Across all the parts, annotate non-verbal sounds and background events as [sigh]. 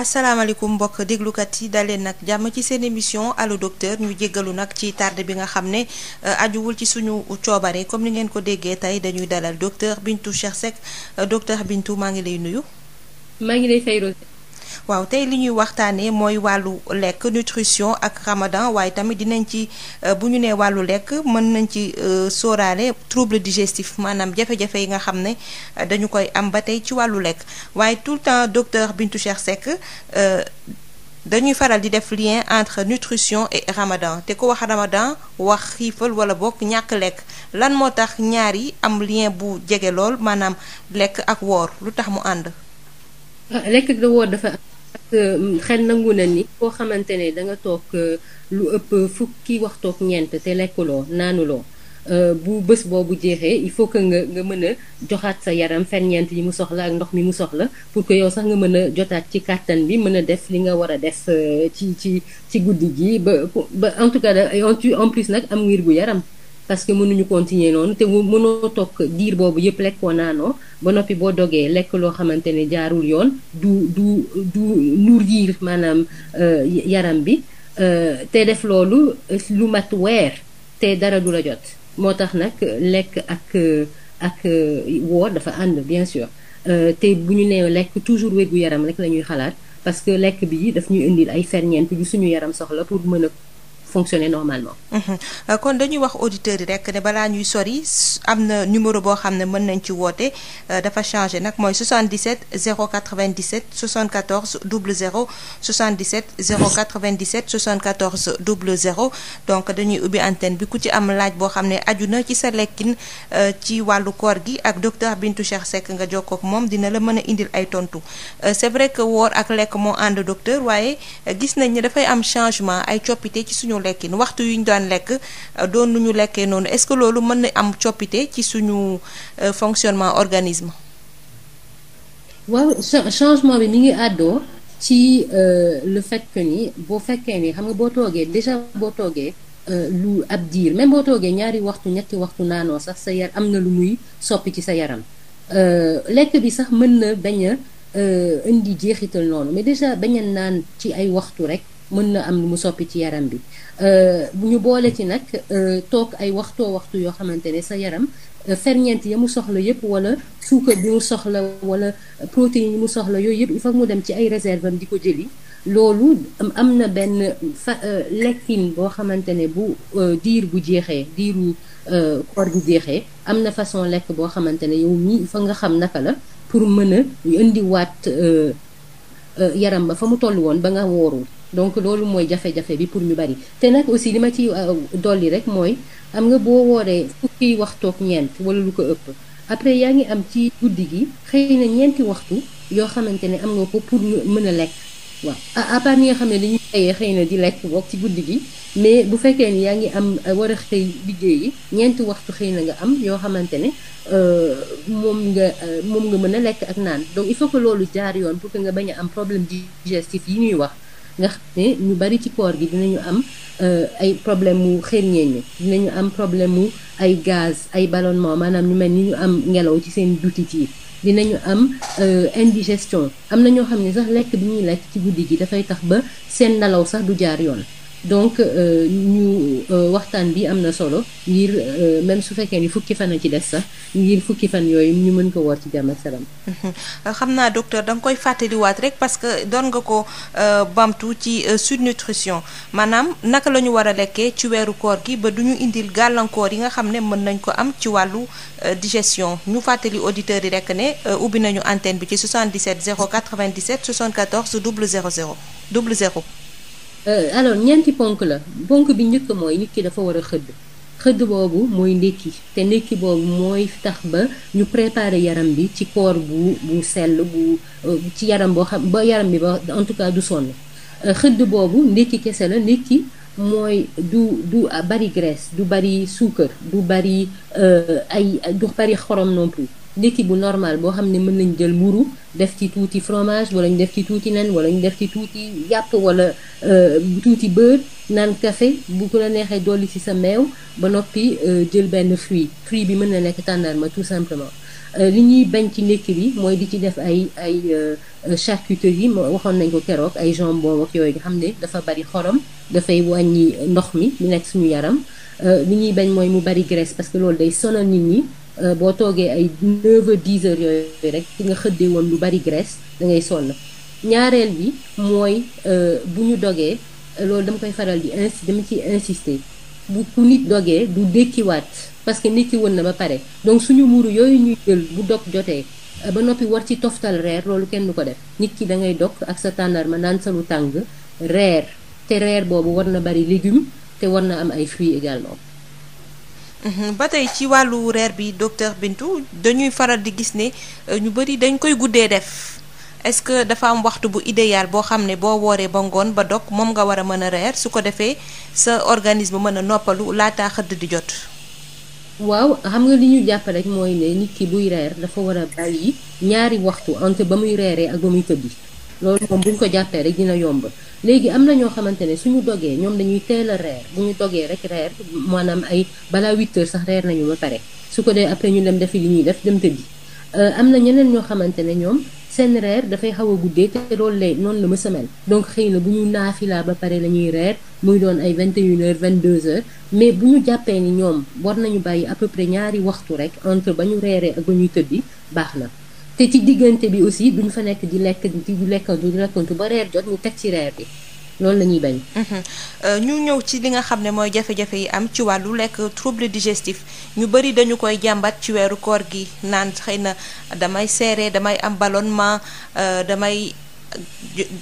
asalaamaaleykum mbokk déglukat yi daleen nag jàmm ci seen émission allo docteur ñu jéggalu nag ci tarde bi nga xam ne euh, ajuwul ci suñu coobare comme ni ngeen ko déggee tey dañuy dalal docteur Bintou Cheikh Seck euh, docteur Bintou maa ngi lay nuyu. maa ngi lay fay waaw tey li ñuy waxtaanee mooy wàllu lekk nutrition ak ramadan waaye tamit dinañ ci euh, bu ñu nee wàllu lekk mën nañ ci euh, sóoraale trouble digestif maanaam jafe-jafe yi nga xam ne euh, dañu koy am ba tey ci wàllu lekk waaye tout le temps docteur Bintou Cheikh Seck dañuy faral di def lien entre nutrition et ramadan te ko wax ramadan wax xiifal wala bokk ñàkk lekk lan moo tax ñaari am lien bu jege lool maanaam lekk ak woor lu tax mu ànd lekk da woor dafa ak xel nangu na ni koo xamante ne da nga toog euh, lu ëpp fukki waxtu ak ñeent te lekkuloo naanuloo euh, bu bës boobu jeexee il faut que nga nga mën a joxaat sa yaram ferñeent yi mu soxla ak ndox mi mu soxla pour que yow sax nga mën a jotaat ci kàttan bi mën a def li nga war a def euh, ci ci ci guddi gi ba ba en tout cas en plus nag am ngir bu yaram parce que mënuñu continuer noonu te mënoo toog diir boobu yëpp lekkoo naanoo ba noppi boo dogee lekk loo xamante ne jaarul yoon du du du nourrir maanaam euh, yaram bi euh, te def loolu lu mat weer te dara du la jot moo tax nag lekk ak ak euh, woor dafa ànd bien sûr te bu ñu nee lekk toujours wér gu yaram rek la ñuy xalaat parce que lekk bii daf ñu indi ay ferñeent yu suñu yaram soxla pour mën a fonctionner normalement. Mm-hmm. Euh, kon dañuy wax auditeurs yi rek ne balaa ñuy sori am na numéro boo xam ne mën nañ ci woote euh, dafa changé nag mooy 77 097 74 00 77 097 74 00 donc dañuy ubbi antenne bi ku ci am laaj boo xam ne aju na ci sa lekkin euh, ci wàllu koor gi ak docteur Bintou Cheikh Seck nga jokkoo ak moom dina la mën a indil ay tontu c'est vrai que woor ak lekk moo ànd docteur waaye gis nañ ne dafay am changement lekkin waxtu yu ñu daan lekk euh, doon nu ñu lekkee noonu est-ce que loolu mën na am coppite ci suñu euh, fonctionnement organisme waaw changement bi mi ngi àddoo ci euh, le fait que ni boo fekkee nii xam nga boo toogee déjà boo toogee lu ab diir même boo toogee ñaari waxtu ñetti waxtu naanoo sax sa yar am na lu muy soppi ci sa yaram lekk bi sax mën na bañ a indi jeexital noonu mais déjà bañ naan ci ay waxtu rek mën na am lu mu soppi ci yaram bi Euh, ñu boole ci nag euh, toog ay waxtoo waxtu yoo xamante ne sa yaram euh, ferñeent ya mu soxla yëpp wala suukar bi mu soxla wala protéines yi mu soxla yooyu yëpp il faut mu dem ci ay réserve di ko jëli loolu am na benn fa lekkin boo xamante ne bu diir bu jeexee diiru koor bu jeexee am na façon lekk boo xamante ne yow mii fa nga xam naka la pour mën a indiwaat yaram ba fa mu toll woon ba nga wóorul donc loolu mooy jafe-jafe bi pour ñu bari te nag aussi li ma ci euh, dolli rek mooy am nga boo wooree fukki waxtoog ñeent wala lu ko ëpp après yaa ngi am ci guddi gi xëy na ñeenti waxtu yoo xamante ne am nga ko pour ñu mën a lekk waaw nga xam ne dañuy xëyee xëy na di lekk boog ci guddi gi mais bu fekkee ni yaa ngi am euh, war a ñeenti waxtu xëy na nga am yoo xamante ne euh, moom nga moom nga mën a lekk ak naan donc il faut que loolu jaar yoon pour que nga bañ am problème digestif yi ñuy wax ndax ne ñu bari ci koor gi dinañu am euh, ay problème mu xërñeeñe dinañu am problème mu ay gaz ay ballonnement maanaam ñu mel ni ñu am ngelaw ci seen dutit yi dinañu am euh, indigestion am na ñoo xam ne sax lekk bi ñuy lekk ci guddi gi dafay tax ba seen nelaw sax du jaar yoon donc euh, ñu euh, waxtaan bi am na solo ngir euh, même su fekkee ni fukki fan a ci des sax ngir fukki fan yooyu ñu mën ko woor ci jàmm ak salaam. Mhm. xam naa docteur da koy fàttaliwaat rek parce que doon nga ko bamtu ci Sud Nutrition maanaam naka la ñu war a lekkee ci weeru koor gi ba du ñu indil gàllankoor yi nga xam ne mën nañ ko am ci wàllu digestion ñu fàttali auditeurs yi rek ne ubbi nañu antenne bi ci 77 097 74 00 00. Euh, alors ñeenti ponk la ponk bi njëkk mooy nit ki dafa war a xëdd xëdd boobu mooy ndékki te ndékki boobu mooy tax ba ñu préparer yaram bi ci koor bu bu sell bu euh, ci yaram boo xam ba yaram bi ba en tout cas du sonn euh, xëdd boobu ndékki kese la ndékki mooy du du bari graisse du bari suukar du bari ay du bari xorom non plus ndékki bu normal boo xam ne mën nañ jël mburu def ci tuuti fromage wala ñu def ci tuuti nen wala ñu def ci tuuti yàpp wala euh, tuuti beurre naan café bu ko la neexee dolli ci sa meew ba noppi euh, jël benn fruit fruit bi mën na nekk tàndarma tout simplement euh, li ñuy bañ ci ndékki bi mooy di ci def ay ay charcuterie yi waxoon nañ ko keroog ay jambon ak yooyu nga xam ne dafa bari xorom dafay wàññi ndox mi li nekk suñu yaram li ñuy bañ mooy mu bari graisse parce que loolu day sonal nit ñi Euh, boo toogee ay 9 heures 10 heures yooyu rek ci nga xëddee woon lu bari graisse dangay ngay sonn ñaareel bi mooy euh, bu ñu dogee loolu dama koy faral di insi dama ciy insister bu ku nit dogee du dékkiwaat parce que nit ki woon na ba pare donc suñu muru yooyu ñuy jël bu dog jotee euh, ba noppi war ci toftal reer loolu kenn du ko def nit ki da ngay dog ak sa tàndarma naan sa lu tàng reer te reer boobu war na bari légumes te war na am ay fruits également Mhm, ba tey ci wàllu reer bi docteur Bintou dañuy faral di gis ne euh, ñu bëri dañ koy guddee def est-ce que dafa am waxtu bu idéal boo xam ne boo wooree ba ngoon ba dog moom nga war a mën a reer su ko defee sa organisme mën a noppalu laataa xëdd di jot. waaw xam nga li ñu jàppale rek mooy ne nit ki buy reer dafa war a bàyyi ñaari waxtu entre ba muy reeree ak ba muy tëddi. loolu moom bu ñu ko jàppee rek dina yomb léegi am na ñoo xamante ne suñu dogee ñoom dañuy teel a reer bu ñu dogee rek reer maanaam ay balaa 8 heures sax reer nañu ba pare su ko dee après ñu dem defi li ñuy def dem tëddi euh, am na ñeneen ñoo xamante ne ñoom seen reer dafay xaw a guddee te loolu lay noonu la ma semaine donc xëy na bu ñu naafilaa ba pare la ñuy reer muy doon ay 21 vingt 22 heures mais bu ñu jàppee ni ñoom war nañu bàyyi à peu ñaari waxtu rek entre ba ñu reeree ak ba ñuy tëddi baax na te ci diggante bi aussi duñ fa nekk di lekk di lekk du lekkantu ba reer jot ñu teg ci reer bi loolu la ñuy bañ. Mhm. Euh, ñu ñëw ci li nga xam ne mooy jafe-jafe yi am ci wàllu lekk trouble digestif ñu bëri dañu koy jàmbat ci weeru koor gi naan xëy na damay seere damay am ballonnement euh, damay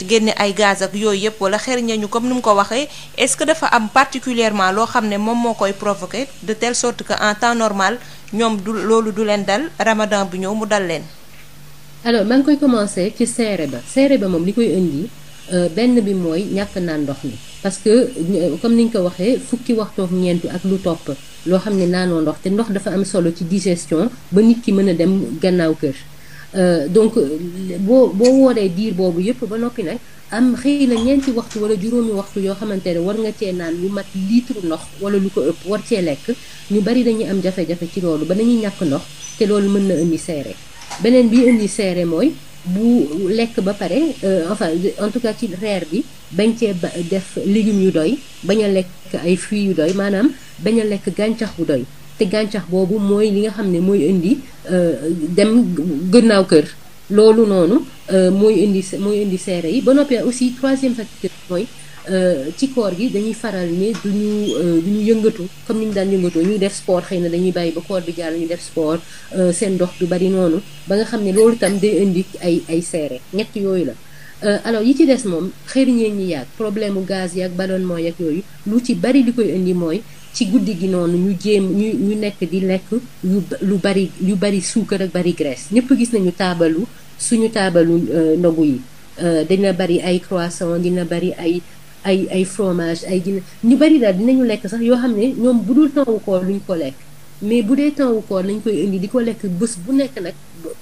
génne ay gaz ak yooyu yëpp wala ñu comme ni mu ko waxee est-ce que dafa am particulièrement loo xam ne moom moo koy provoquer de telle sorte que en temps normal ñoom du loolu du leen dal ramadan bi ñëw mu dal leen. alors maa ngi koy commencer ci seere ba seere ba moom li koy indi euh, benn bi mooy ñàkk naan ndox mi parce que euh, comme ni ñu ko waxee fukki waxtoog ñeentu ak lu topp loo xam ne naanoo ndox te ndox dafa am solo ci digestion ba nit ki mën a dem gannaaw kër euh, donc boo boo wooree diir boobu yëpp ba noppi nag am xëy na ñeenti waxtu wala juróomi waxtu yoo xamante ne war nga cee naan lu mat litre ndox wala lu ko ëpp war cee lekk ñu bari dañuy am jafe-jafe ci loolu ba dañuy ñàkk ndox te loolu mën na indi seere beneen bi indi seere mooy bu lekk ba pare euh, enfin en tout cas ci reer bi bañ cee ba def légumes yu doy bañ a lekk ay fruits yu doy maanaam bañ a lekk gàncax bu doy te gàncax boobu mooy li nga xam ne mooy indi euh, dem gannaaw kër loolu noonu euh, mooy indi mooy indi seere yi ba noppee aussi troisième facteur mooy Euh, ci koor gi dañuy faral ne duñu euh, duñu yëngatu comme ni ñu daan yëngatoo ñuy def sport xëy na dañuy bàyyi ba koor bi jàll ñu def sport euh, seen dox du bari noonu ba nga xam ne loolu tam de indi ay ay seere ñett yooyu la alors yi ci des moom xëriñee ñi yàgg problème mu gaz yaag ballonnement yaag yooyu lu ci bari li koy indi mooy ci guddi gi noonu ñu jéem ñu ñu nekk di lekk lu bari yu bari suukar ak bari graisse ñëpp gis nañu taabalu suñu taabalu ndogu yi dina bari ay croissant dina bari ay ay ay fromage ay gine ñu bari daal dinañu lekk sax yoo xam ne ñoom bu dul temps wu koor luñ ko lekk mais bu dee temps wu koor lañ koy indi di ko lekk bës bu nekk nag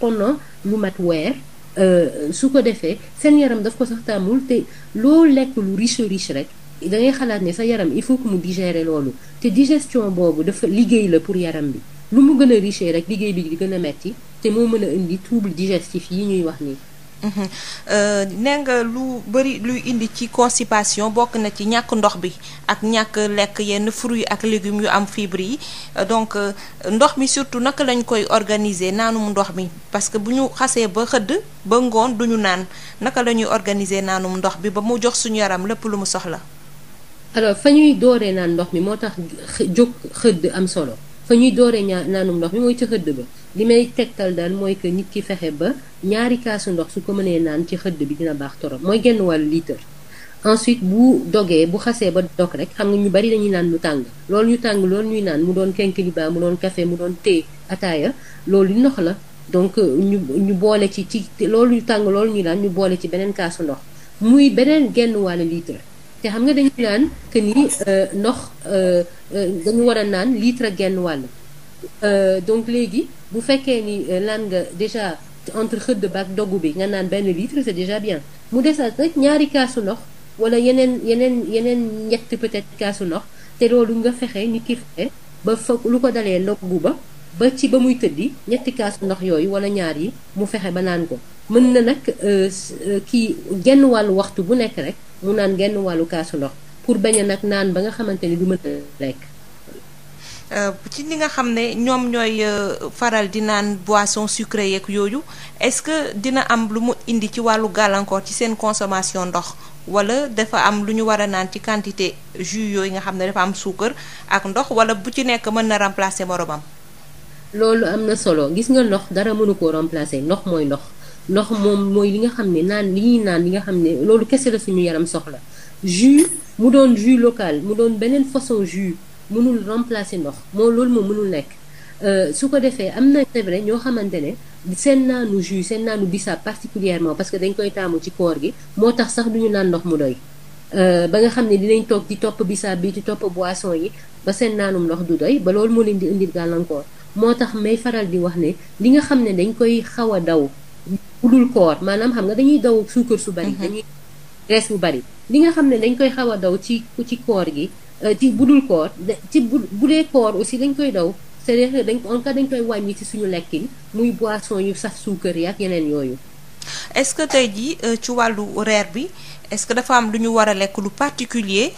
pendant lu mat weer euh, su ko defee seen yaram daf ko sax tàmmul te loo lekk lu riche riche rek da ngay xalaat ne sa yaram il faut que mu digérer loolu te digestion boobu dafa liggéey la pour yaram bi lu mu gën a riche rek liggéey bi di gën a metti te moo mën a indi trouble digestif yi ñuy wax nii Mhm. Euh, nee nga lu bëri luy indi ci constipation bokk na ci ñàkk ndox bi ak ñàkk lekk yenn fruits ak légumes yu am fibres yi euh, donc euh, ndox mi surtout naka lañ koy organiser naanum ndox mi parce que bu ñu xasee ba xëdd ba ngoon duñu naan naka la organiser naanum ndox bi ba mu jox suñu yaram lépp lu mu soxla. alors fa ñuy dooree naan ndox mi moo tax jóg xëdd am solo fa ñuy dooree ñaa naanum ndox mi mooy ci xëdd ba. li may tegtal daal mooy que nit ki fexe ba ñaari kaasu ndox su ko mënee naan ci xëdd bi dina baax torop mooy genn wàllu litre ensuite bu dogee bu xasee ba dog rek xam nga ñu bari dañuy naan lu tàng loolu ñu tàng loolu ñuy naan mu doon kenkiliba mu doon café mu doon thé ataaya loolu ndox la donc ñu ñu boole ci ci loolu ñu tàng loolu ñuy naan ñu boole ci beneen kaasu ndox muy beneen genn wàll litre te xam nga dañuy naan que ni euh, ndox euh, euh, dañu war a naan litre genn wàll donc léegi bu fekkee ni naan euh, nga déjà entre xëdd ba ak doggu bi nga naan benn litre c'est déjà bien mu desaat rek ñaari kaasu ndox wala yeneen yeneen yeneen ñett peut-être kaasu ndox te loolu nga fexe ni ki fexe ba fa lu ko dalee ndoggu ba ba ci ba muy tëddi ñetti kaasu ndox yooyu wala ñaar yi mu fexe ba naan ko mën na nag euh, euh, kii genn wàllu waxtu bu nekk rek mu naan genn wàllu kaasu ndox pour bañ nag naan ba nga xamante ni du mën a lekk Euh, ci li nga xam ne ñoom ñooy euh, faral di naan boisson sucrée yeeg yooyu est-ce que dina am lu mu indi ci wàllu gàllankoor ci seen consommation ndox wala dafa am lu ñu war a naan ci quantité jus yooyu nga xam ne dafa am suukar ak ndox wala bu ci nekk mën na remplacer moromam. loolu am na solo gis nga ndox dara mënu koo remplacer ndox mooy ndox ndox moom mooy li nga xam ne naan li ñuy naan li nga xam ne loolu kese la suñu yaram soxla jus mu doon jus local mu doon beneen façon jus. mënul remplacer ndox moo loolu moom mënul nekk euh, su ko defee am na c'est ñoo xamante ne seen naanu jus seen naanu bisaab particulièrement parce que dañ koy taamu ci koor gi moo tax sax duñu naan ndox mu doy euh, ba nga xam ne dinañ toog topp bisaab bi ci topp boisson yi ba seen naanum ndox du doy ba loolu moo leen di indil gàllankoor moo tax may faral di wax ne li nga xam ne dañ koy xaw a daw budul koor maanaam xam nga dañuy daw suukar su bari mhm. dañuy rees bu bari li nga xam ne dañ koy xaw a daw ci ci koor gi Euh, ci bu budul koor ci bu dee koor aussi dañ koy daw cest à dañ en cas dañ koy wàññi ci suñu lekkin muy boisson yu sax suukar yi ak yeneen yooyu est-ce que tey jii euh, ci wàllu reer bi est-ce que dafa am lu ñu war a lekk lu particulier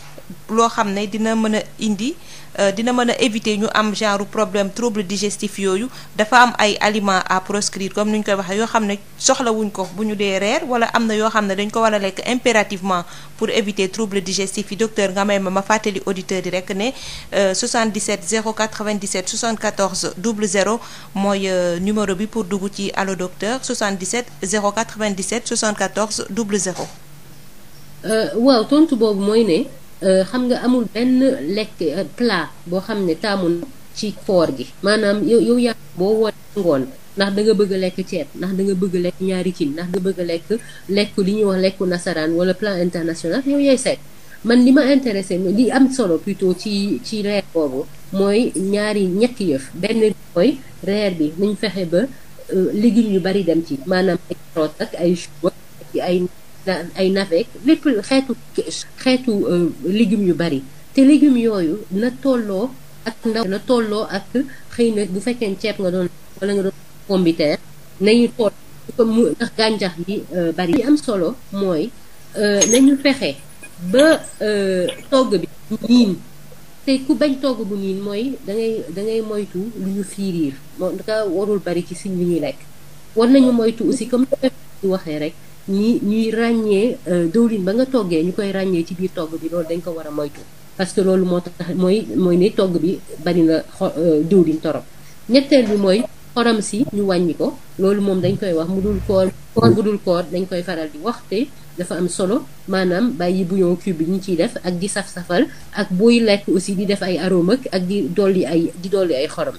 loo xam ne dina mën a indi Euh, dina mën a éviter ñu am genre problème trouble digestif yooyu dafa am ay aliments à proscrire comme ni ñu koy waxee yoo xam ne soxlawuñ ko bu ñu dee reer wala am na yoo xam ne dañ ko war a lekk impérativement pour éviter trouble digestif yi docteur nga may ma ma fàttali auditeurs yi rek ne 77 097 74 00 mooy euh, numéro bi pour dugg ci allo docteur 77 097 74 00. waaw tontu boobu mooy ne. Euh, xam nga amul benn lekk euh, plat boo xam ne taamu ci foor gi maanaam yow yow boo wootee ngoon ndax da nga bëgg lekk ceeb ndax da nga bëgg lekk ñaari cin ndax da bëgg a lekk lekk li ñu wax lekku nasaraan wala plan international yow yaay seet man li ma intéressé li am solo plutôt ci ci reer boobu mooy ñaari ñetti yëf benn mooy reer bi nañ fexe ba euh, légumes yu bari dem ci maanaam ay carottes ak ay choux ak ay. ay navet lépp xeetu xeetu euh, légumes yu bari te légumes yooyu na tolloo ak ndaw na tolloo ak xëy nag bu fekkee ceeb nga doon wala nga doon pombiteer nañu toll comme mu ndax gàncax euh, bari li am solo mooy euh, nañu fexe ba togg bi niin te ku bañ togg bu niin mooy da ngay da moytu lu ñu fiiriir moo dafa warul bari ci siñ bi ñuy lekk war nañu moytu aussi comme waxee rek ñi ñuy ràññee euh, diwlin ba nga toggee ñu koy ràññee ci biir togg bi loolu dañ ko war a moytu parce que loolu moo tax mooy mooy ne togg bi bari na euh, diwlin torop ñetteel bi mooy xorom si ñu wàññi ko loolu moom dañ koy wax mu dul koor koor dul koor dañ koy faral di waxte dafa am solo maanaam bàyyi bouillon cube bi ñu ciy def ak di saf-safal ak booy lekk aussi di def ay arôme ak di dolli ay di dolli ay xorom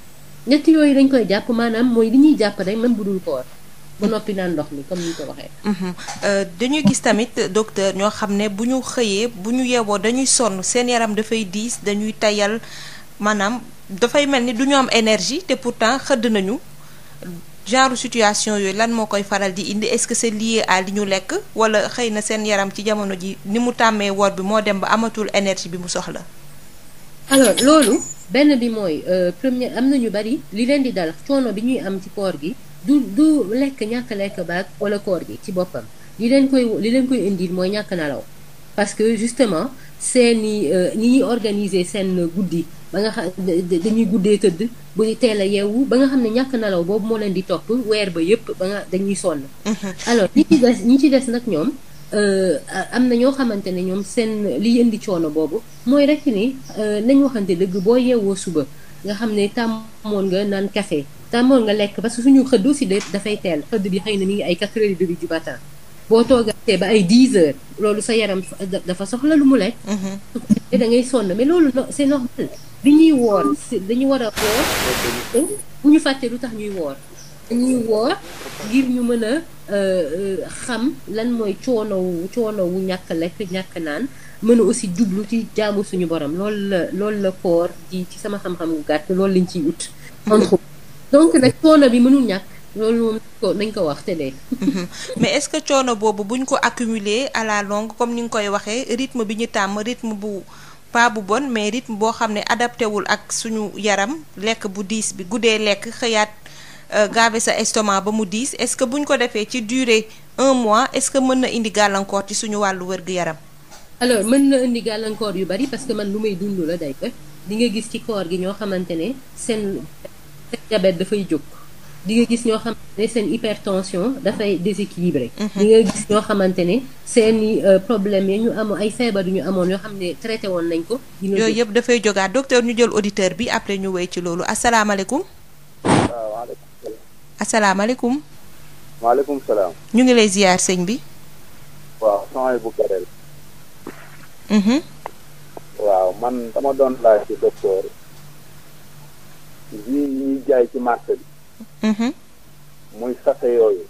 ñett yooyu dañ koy jàpp maanaam mooy li ñuy jàpp rek même bu dul koor ba noppi naan ndox mi comme ni ñu ko waxee. Mhm. Euh, dañuy gis tamit docteur ñoo xam ne bu ñu xëyee bu ñu yeewoo dañuy sonn seen yaram dafay diis dañuy tayal maanaam dafay mel ni du ñu am énergie te pourtant xëdd nañu genre situation yooyu lan moo koy faral di indi est-ce que c'est lié à li ñu lekk walla xëy na seen yaram ci jamono ji ni mu tàmmee woor bi moo dem ba amatul énergie bi mu soxla. alors loolu benn bi mooy euh, premier am na ñu bari li leen di dal coono bi ñuy am ci koor gi. du du lekk ñàkk lekk baag wala koor gi ci boppam li leen koy li leen koy indil mooy ñàkk nalaw parce que justement seen i euh, ñi ñuy organiser seen guddi ba nga xam dañuy guddee tëdd bu teel a yeewu ba nga xam ne ñàkk nalaw boobu moo leen di topp weer ba yépp ba nga dañuy sonn mhm. alors ñi ci des des nag ñoom euh, am na ñoo xamante ne ñoom seen liy indi coono boobu mooy rek ni euh, nañ waxante dëgg boo yeewoo suba nga xam ne tàmmoon nga naan café tàmmoon nga lekk parce que suñu xëdd aussi dafay teel xëdd bi xëy na mi ngi ay quatre heures et demie du matin boo toogatee ba ay dix heures loolu sa yaram dafa soxla lu mu lekk mm-hmm. su da ngay sonn mais loolu c'est normal bi ñuy woor dañu war a bu ñu fàttee lu tax ñuy woor dañuy woor ngir ñu mën a euh, euh, xam lan mooy coonowu coonowu ñàkk lekk ñàkk naan mën a aussi jublu ci jaamu suñu borom loolu la loolu la koor di ci sama xam-xam gu gàtt loolu lañ ciy wut donc nag coono bi mënul ñàkk loolu moom nañ ko wax te mhm. mais est-ce que coono boobu buñ ko accumuler à la comme ni nga koy waxee rythme bi ñu tàmm rythme bu pas bu bon mais rythme boo xam ne adapté wul ak suñu yaram lekk bu diis bi guddee lekk xëyaat euh, gaabe sa estomac ba mu diis est-ce que buñ ko defee ci durée un mois est-ce que mën na indi gàllankoor ci suñu wàllu wér-gu-yaram. alors mën na indi gàllankoor yu bari parce que man lu may dund la day di nga gis ci koor gi ñoo xamante ne seen. seen diabète dafay jóg di nga gis ñoo xamante ne seen hypertension dafay déséquilibré li mhm. nga gis ñoo xamante ne seen i euh, problème ya ñu amoon ay feebar yu ñu amoon yoo xam ne traité woon nañ ko yooyu yëpp dafay jógaat docteur ñu jël auditeur bi après ñu wéy ci loolu asalaamaaleykum asalaamaaleykum maaleykum ñu ngi lay sëñ bi waaw sony bu kareel mhm. waaw man dama doon laaj ci docteur jus yi ñuy jaay ci marché bi. Mm-hmm. muy sachet yooyu.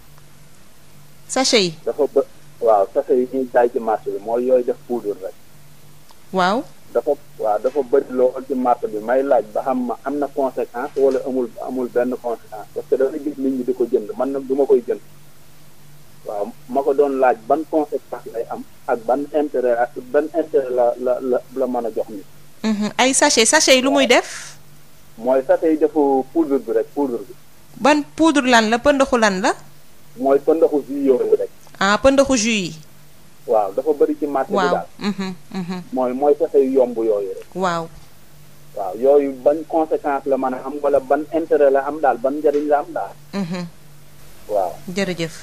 sachet yi. dafa bë waaw sachet yi ñuy jaay ci marché bi mooy yooy def poudre rek. waaw. dafa waaw dafa bëri lool ci marché bi may laaj ba xam ma am na conséquence wala amul amul benn conséquence parce que dama gis nit ñu di ko jënd man nag du ma koy jënd. waaw ma ko doon laaj ban conséquence lay am ak ban intérêt ban intérêt la la la la mën a jox nit. Mm-hmm. ay sachet sachet yi lu muy def. mooy sa tey defu poudre bi rek poudre bi. ban poudre lan la pëndaxu lan la. mooy pëndaxu jus yooyu rek. ah pëndaxu jus yi. waaw dafa bëri ci marché bi daal. Mhm, mhm. mooy mooy fexe yomb yooyu rek. waaw. waaw yooyu ban conséquence la mën a am wala ban intérêt la am daal ban njëriñ la am daal. Mhm. waaw waaw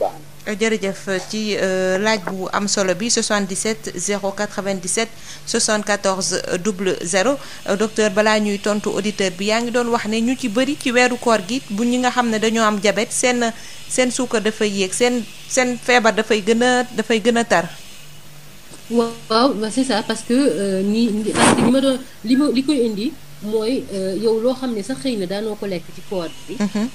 baax jërëjëf ci euh, laaj bu am solo bi 77 097 74 00 docteur balaa ñuy tontu auditeur bi yaa ngi doon wax ne ñu ci bëri ci weeru koor gi bu ñi nga xam ne dañoo am jabet seen seen suukar dafay yéeg seen seen feebar dafay gën a dafay gën a tar. waaw c'est ça parce que euh, ni li ma doon li koy indi. mooy euh, yow loo xam ne sax xëy na daanoo ko lekk ci koor bi mhm.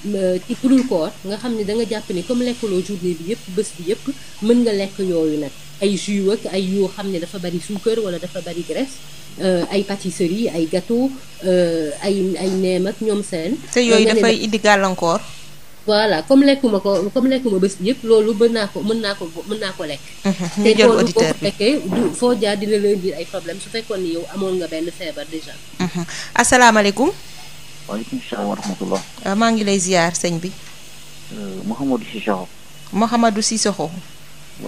ci budul koor nga xam ne da nga jàpp ne comme lekkaloo journée bi yëpp bés bi yëpp mën nga lekk yooyu nag ay jus ak ay yoo xam ne dafa bari suukar wala dafa bari graisse euh, ay pâtisserie ay gâteau euh, ay ay neem ak ñoom seen te yooyu dafay indi gàllankoor voilà comme lekkuma ko comme lekkuma bés bi yëpp loolu mën naa ko mën naa ko mën naa ko lekk mhm, te loolu boo ko lekkee du foo jaar dina la indil ay problème su fekkoon ni yow amoon nga benn feebar déjà mhm. asalaamaaleykum waaleykum euh, maa ngi lay ziar sëñ bi euh, Mouhamadou Cissokho Mouhamadou Cissokho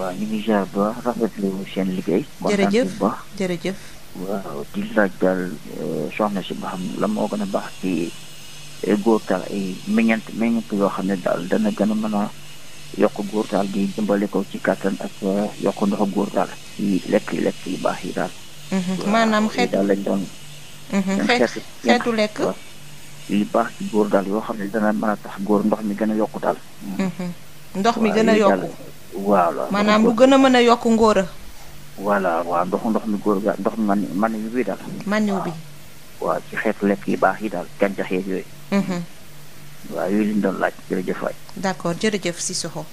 waaw ñu ngi ziar bu baax rafetlu seen liggéey jërëjëf baax jërëjëf waaw di laaj daal euh, soxna si ba xam la moo gën a baax ci góor góortaal ay eh, meññeent meññeent yoo xam ne daal dana gën a mën a yokk góortaal gi jëmbale ko ci kattan ak eh, yokk ndox góortaal ci lekk lekk yu baax yi daal. Mhm. maanaam xeet lañ doon. Mhm. xeet xeetu lekk yu baax ci góor daal yoo xam ne dana mën a tax góor ndox mi gën a yokku daal. Mhm. ndox mi gën a yokku. voilà maanaam bu gën a mën a yokk ngóor a. waa waaw ndox ndox mi góor ga ndox man man yu bi daal. man yu bi. waaw ci xeetu lekk yu baax yi daal gàncax yeeg yooyu. Mm-hmm. waaw yooyu lañ doon laaj jërëjëf si d'accord jërëjëf Sissoko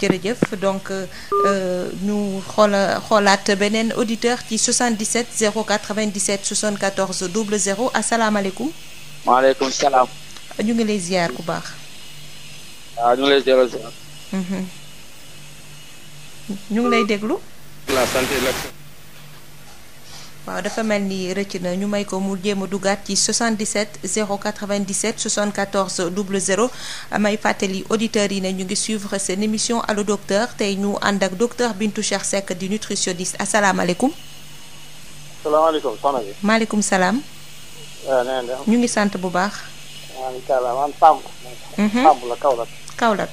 jërëjëf donc euh, ñu xoola xoolaat beneen auditeur ci 77 097 74 00 asalaamaaleykum. maaleykum salaam. ñu ngi lay ziar ku baax. waaw ñu ngi lay mm-hmm. ngi lay déglu. waaw dafa mel ni rëcc na ñu may ko mu jéem a dugaat ci 77 097 74 00 may fàttali auditeurs yi ne ñu ngi suivre seen émission allo docteur tey ñu ànd ak docteur bintu Cheikh Seck di nutritionniste asalaamaaleykum. salaamaaleykum soxna maaleykum salaam. Eh, ñu ngi sant bu baax. incha allah man mhm. Samb. la Kaolack. Kaolack.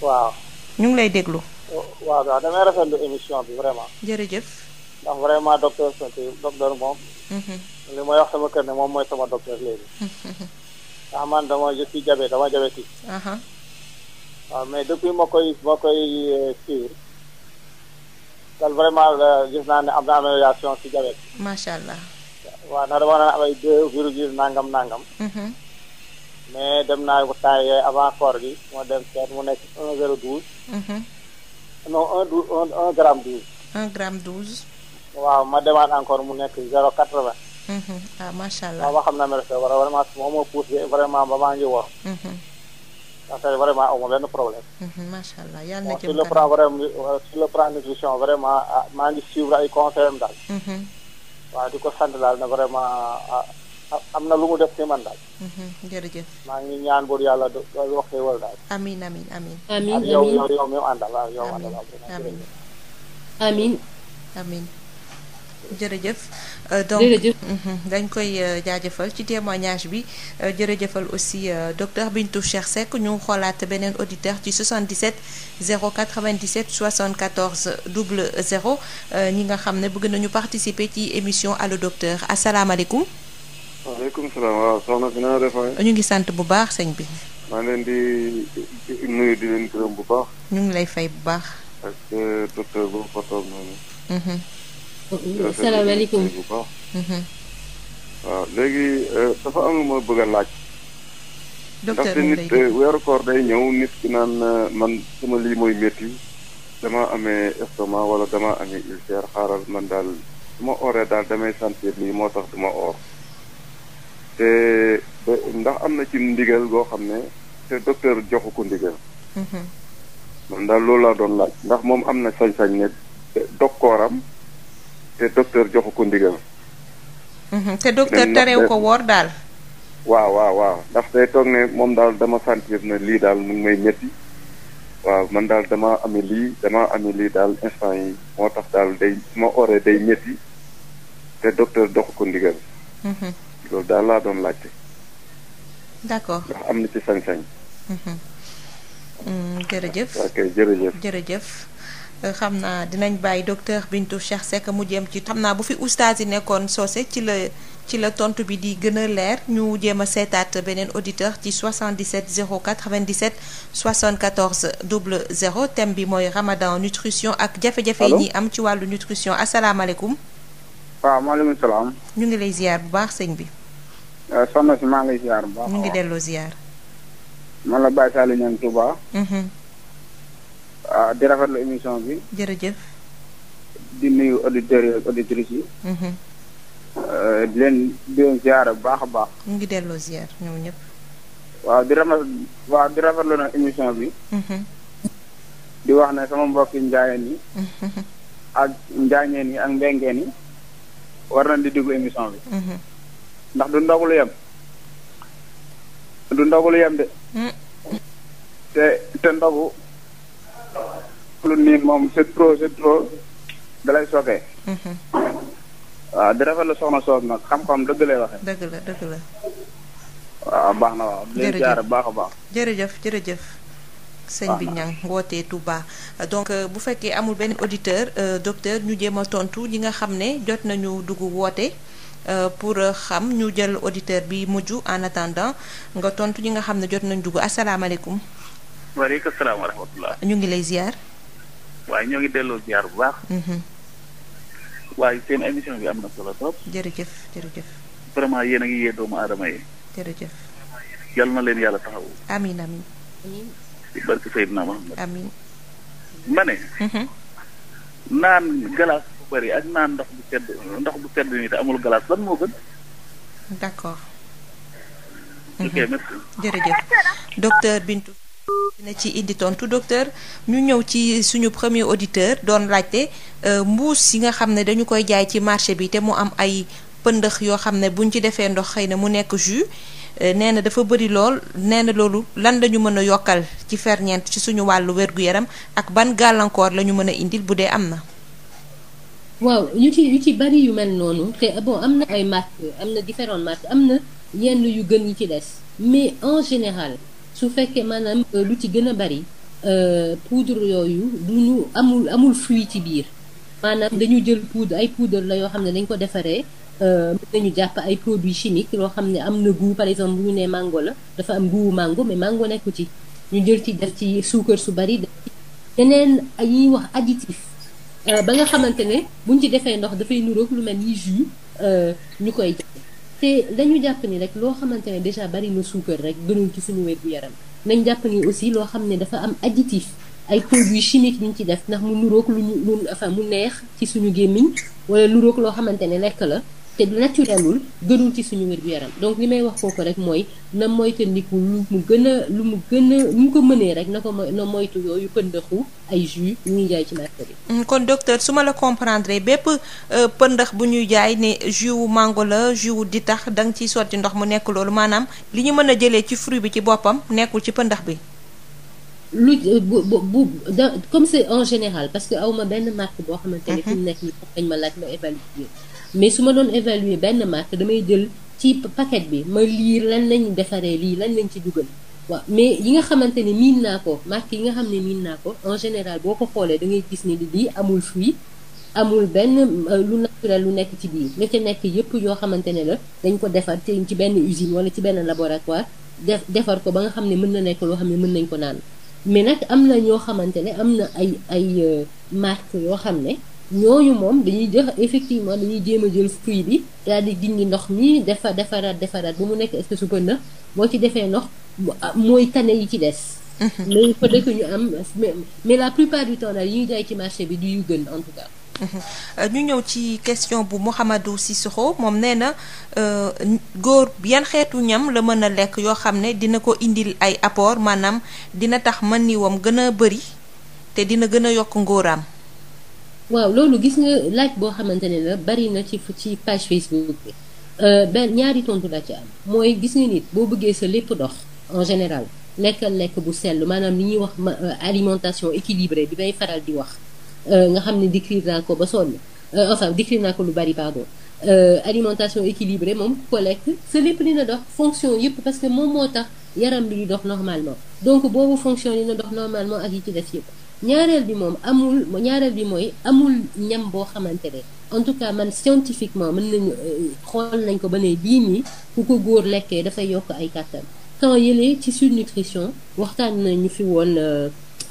waaw. ñu ngi lay déglu. waaw waaw damay rafetlu émission bi vraiment. jërëjëf. ndax vraiment docteur santé docteur moom. Mhm. li may wax sama kër ne moom mooy sama docteur léegi. Mhm. ndax man dama je suis diabète dama diabète yi. waaw mais depuis ma koy ma koy euh, suivre. daal vraiment euh, gis naa ne am na amélioration ci diabète. macha allah. waaw ndax dama naan am ay deux virgule nangam nangam. Mhm. mais dem naa ko temps yooyu avant koor gi moo dem seet mu nekk un zéro douze. non un dou un un gramme douze. un gramme douze. waaw ma demaat encore mu nekk 080. Mhm. ah macha allah waaw xam naa ne a vraiment moom moo poussé vraiment ba maa ngi wor. Mhm. parce que vraiment benn problème. Mhm, macha allah yàlla na jëm sur le plan vraiment sur le plan nutrition vraiment ah, maa ngi suivre ay conseils am daal. waaw di ko sant daal na vraiment ah, ah, am na lu mu def ci man daal. jërëjëf. maa ngi ñaan boobu yàlla do wax xéewal daal. amiin amiin amiin. amiin amiin jërëjëf euh, donc mhm, dañ koy euh, jaajëfal ci témoignage bi euh, jërëjëfal aussi docteur Bintou Cheikh Seck ñu xoolaat beneen auditeur ci 77 097 74 00 ñi nga xam ne bëgg nañu participer ci émission allo docteur asalaamaaleykum. ñu ngi sant bu baax sëñ bi. ñu ngi lay fay bu baax. salaamaaleykum bu mm-hmm. baax ah, waaw léegi eh, dafa am lu ma bëgg a laaj ndaxte nit eh, weeru koor day ñëw nit ki naan eh, man sama lii mooy métti dama amee estomac wala dama amee ulcère xaaral man daal su ma daal damay sentir nii moo tax du oor te ndax am na ci ndigal goo xam ne te docteur joxu ko ndigal mm-hmm. man daal loolu laa doon laaj ndax moom am na sañ-sañ ne dog kooram te docteur joxu ko ndigal. Mhm, te docteur teree ko woor daal. waaw waaw waaw ndax day toog ne moom daal dama sentir ne lii daal mu may métti waaw man daal dama ame lii dama ame lii daal instant yi moo tax daal day su ma oree day métti te docteur doxu ko ndigal. Mhm. loolu daal laa doon laajte. d'accord ndax am na ci sañ-sañ. Mhm. Mm, jërëjëf ok jërëjëf jërëjëf. xam naa dinañ bàyyi docteur Bintou Cheikh Seck mu jéem ci xam naa bu fi oustaz yi nekkoon soose ci la ci la tontu bi di gën a leer ñu jéem a seetaat beneen auditeur ci 77 097 74 00 thème bi mooy Ramadan nutrition ak jafe-jafe yi ñuy am ci wàllu nutrition asalaamaaleykum. waaw maaleykum salaam. ñu ngi lay ziar bu baax sëñ bi. Euh, soxna si maa ngi lay ziar bu baax. ñu ngi delloo ziar. man la Baye Saliou Niang waaw ah, di rafetlu émission bi. jërëjëf. di nuyu auditeurs yi ak auditrices yi. Mhm. Euh, di leen di leen ziar baax a baax. ñu ngi delloo ziar ñoom ñëpp. waaw di rafet waaw di émission bi. Mhm. di wax na sama mbokki njaayeen yi. Mhm. ak njaañeen yi ak mbengeen yi war nañ di déglu émission bi. ndax du ndogu lu yem. du ndogu lu de. Mm. te te ndogu. lu nii moom c'est trop c'est trop dalay sookee mhm. waaw di rafetlu soxna soos nag xam-xam dëgg lay waxee dëgg la dëgg la waaw baax na waaw leen jaar baax baax jërëjëf jërëjëf sëñ bi ñang wootee tubaa donc euh, bu fekkee amul benn auditeur euh, docteur ñu jéem a tontu ñi nga xam ne jot nañu dugg woote euh, pour xam ñu jël auditeur bi mujj en attendant nga tontu ñi nga xam ne jot nañu dugg asalaamaaleykum waaleykum salaam ñu ngi lay ziar. waaye ñoo ngi delloo ziar bu baax. Mhm. waaye seen émission bi am na solo trop. jërëjëf jërëjëf. vraiment yéen a ngi yee doomu aadama yi. jërëjëf. yal na leen yàlla taxaw amiin amiin. ci barke Seydina Muhammad. amiin. ma ne. Mhm. naan galaas bu bari ak naan ndox bu sedd ndox bu sedd nii te amul galaas lan moo gën. d' accord. ok mhm. merci. jërëjëf docteur ci indi tontu docteur ñu ñëw ci suñu premier auditeur doon laajte euh, mbuus yi nga xam ne dañu koy jaay ci marché bi te mu am ay pëndëx yoo xam ne buñ ci defee ndox xëy na mu nekk jus euh, nee na dafa bëri lool nee na loolu lan lañu ñu mën a yokkal ci ferñeent ci suñu wàllu wér yaram ak ban gàllankoor lañu ñu mën a indil bu dee am na. waaw yu ci yu ci bari yu mel noonu te bon am na ay marques am na différentes am na yenn yu gën yu ci des mais un général. su fekkee maanaam euh, lu ci gën a bari euh, poudre yooyu du ñu amul amul fruit ci biir maanaam dañu jël poudre ay poudre la yoo xam ne dañ ko defaree euh, mën nañu jàpp ay produits chimiques loo xam ne am na goût par exemple bu ñu nee mango la dafa am goût mango mais mango nekku ci ñu jël ci def ci suukar su bari def ci yeneen yi wax additif ba nga xamante ne buñ ci defee ndox dafay nuroog lu mel ni jus ñu koy jàpp te dañu jàpp ni rek loo xamante ne déjà bari na suukar rek gënul ci suñu wér yaram nañ jàpp ni aussi loo xam ne dafa am additif ay produits chimique ñu ci def ndax mu nuroog lu ñu lu enfin mu neex ci suñu gémmiñ wala nuroog loo xamante ne lekk la te du naturelul gënul ci suñu wér-gu-yaram donc li may wax kooku rek mooy na moytandiku lu mu gën a lu mu gën a lu mu ko mënee rek na ko na moytu yooyu pëndëxu ay jus yu ñuy jaay ci marché bi. Mm, kon docteur su ma la comprendre bépp euh, pëndëx bu ñuy jaay ne jus wu mango la jus wu di tax da nga ciy sotti ndox mu nekk loolu maanaam li ñu mën a jëlee ci fruit bi ci boppam nekkul ci pëndëx bi. lu euh, bu bu comme c'est en général parce que aw ma benn marque boo xamante ne mm-hmm. fi mu nekk nii dañ ma laaj ma évaluer mais su ma doon évaluer benn marque damay jël ci paquet bi ma lire lan lañu defaree lii lan lañ ci dugal waaw mais yi nga xamante ne miin naa ko marque yi nga xam ne miin naa ko en général boo ko xoolee da ngay gis ni lii amul fruit amul benn euh, lu naturel nekk ci biir la ca nekk yëpp yoo xamante ne la dañ ko defar ci benn usine wala ci benn laboratoire def defar ko ba nga xam ne mën na nekk loo xam ne mën nañ ko naan mais nag am na ñoo xamante ne am na ay ay euh, marque yoo xam ne ñooñu moom dañuy jël effectivement dañuy jéem a jël fruit bi daal di dindi ndox mi defa defaraat defaraat bu mu nekk est-ce que su bënn ci defee ndox ah, mooy tane yi ci des mhm. mais que ñu am mais la plupart du temps daal yi ñuy jaay ci marché bi du yu gën en tout cas mhm. euh, ñu ñëw ci question bu si soxo moom nee na euh, góor yan xeetu ñam la mën a lekk yoo xam ne dina ko indil ay apport maanaam dina tax mën niwam gën a bëri te dina gën a yokk ngóoraam waaw loolu gis nga laaj boo xamante ne na bari na ci fu ci page Facebook bi euh, benn ñaari tontu la ci am mooy gis nga nit boo bëggee sa lépp dox en général lekkal lekk bu sell maanaam li ñuy wax euh, alimentation équilibrée bi may faral di wax euh, nga xam ne décrire naa ko ba sonn enfin décrire naa ko lu bari pardon alimentation équilibrée moom ko lekk sa lépp dina dox fonction yëpp parce que moom moo tax yaram bi di dox normalement donc boobu fonction dina dox normalement ak yi ci def ñaareel bi moom amul ñaareel bi mooy amul ñam boo xamante ne en tout cas man scientifiquement mën nañu euh, xool nañ ko ba ne bii nii ku ko góor lekkee dafay yokk ay kàttan temps yële ci surnutrition waxtaan nañu fi woon euh,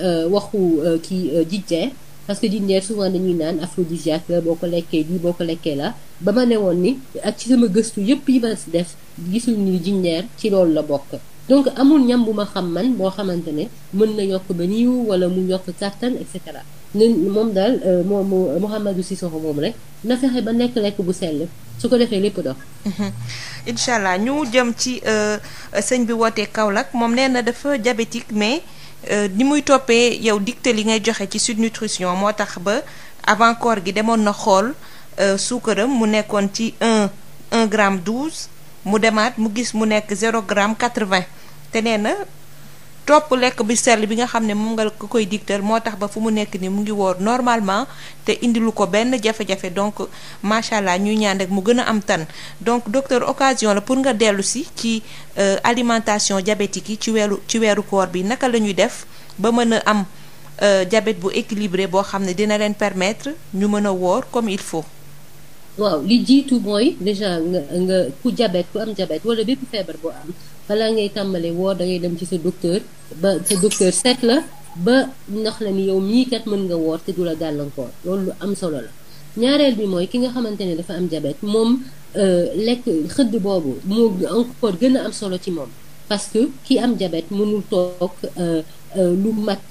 euh, waxu kii jinjeer parce que jinjeer souvent dañuy naan aphrodisiaque la boo ko lekkee lii boo ko lekkee la ba ma ne woon ni ak ci sama gëstu yëpp yi ma def gisul nii jinjeer ci loolu la bokk donc amul ñam bu ma xam man boo xamante ne mën na yokk ba niiw wala mu yokk kàttan et cetera nen moom daal euh, moom Mouhamadou Cissokho moom rek na fexe ba nekk lekk bu sell su ko defee lépp dox. Mhm. incha allah ñu jëm ci euh, sëñ bi wootee Kaolack moom nee na dafa diabétique mais euh, ni muy toppee yow dicté li ngay joxe ci Sud Nutrition moo tax ba avant koor gi demoon na xool suukaram mu nekkoon ci un un gramme douze. mu demaat mu gis mu nekk 0 gramme 80 te nee na topp lekk bi sell bi nga xam ne moom nga koy digtal moo tax ba fu mu nekk ni mu ngi woor normalement te indilu ko benn jafe-jafe donc macha allah ñuy ñaan mu gën a am tan donc docteur occasion la pour nga dellu si ci euh, alimentation diabétique yi ci weeru ci weeru koor bi naka la ñuy def ba mën a am jabet euh, bu équilibré boo xam ne dina leen permettre ñu mën a woor comme il faut waaw li jiitu mooy déjà nga nga ku jabet ku am jabet wala bépp feebar boo am balaa ngay tàmbale woo da dem ci sa docteur ba sa docteur seet la ba ndax la ni yow mii kat mën nga woor te du la gàllankoor loolu lu am solo la ñaareel bi mooy ki nga xamante ne dafa am jabet moom euh, lekk xëdd boobu moo encore gën a am solo ci moom parce que ki am jabet mënul toog euh, euh, lu mat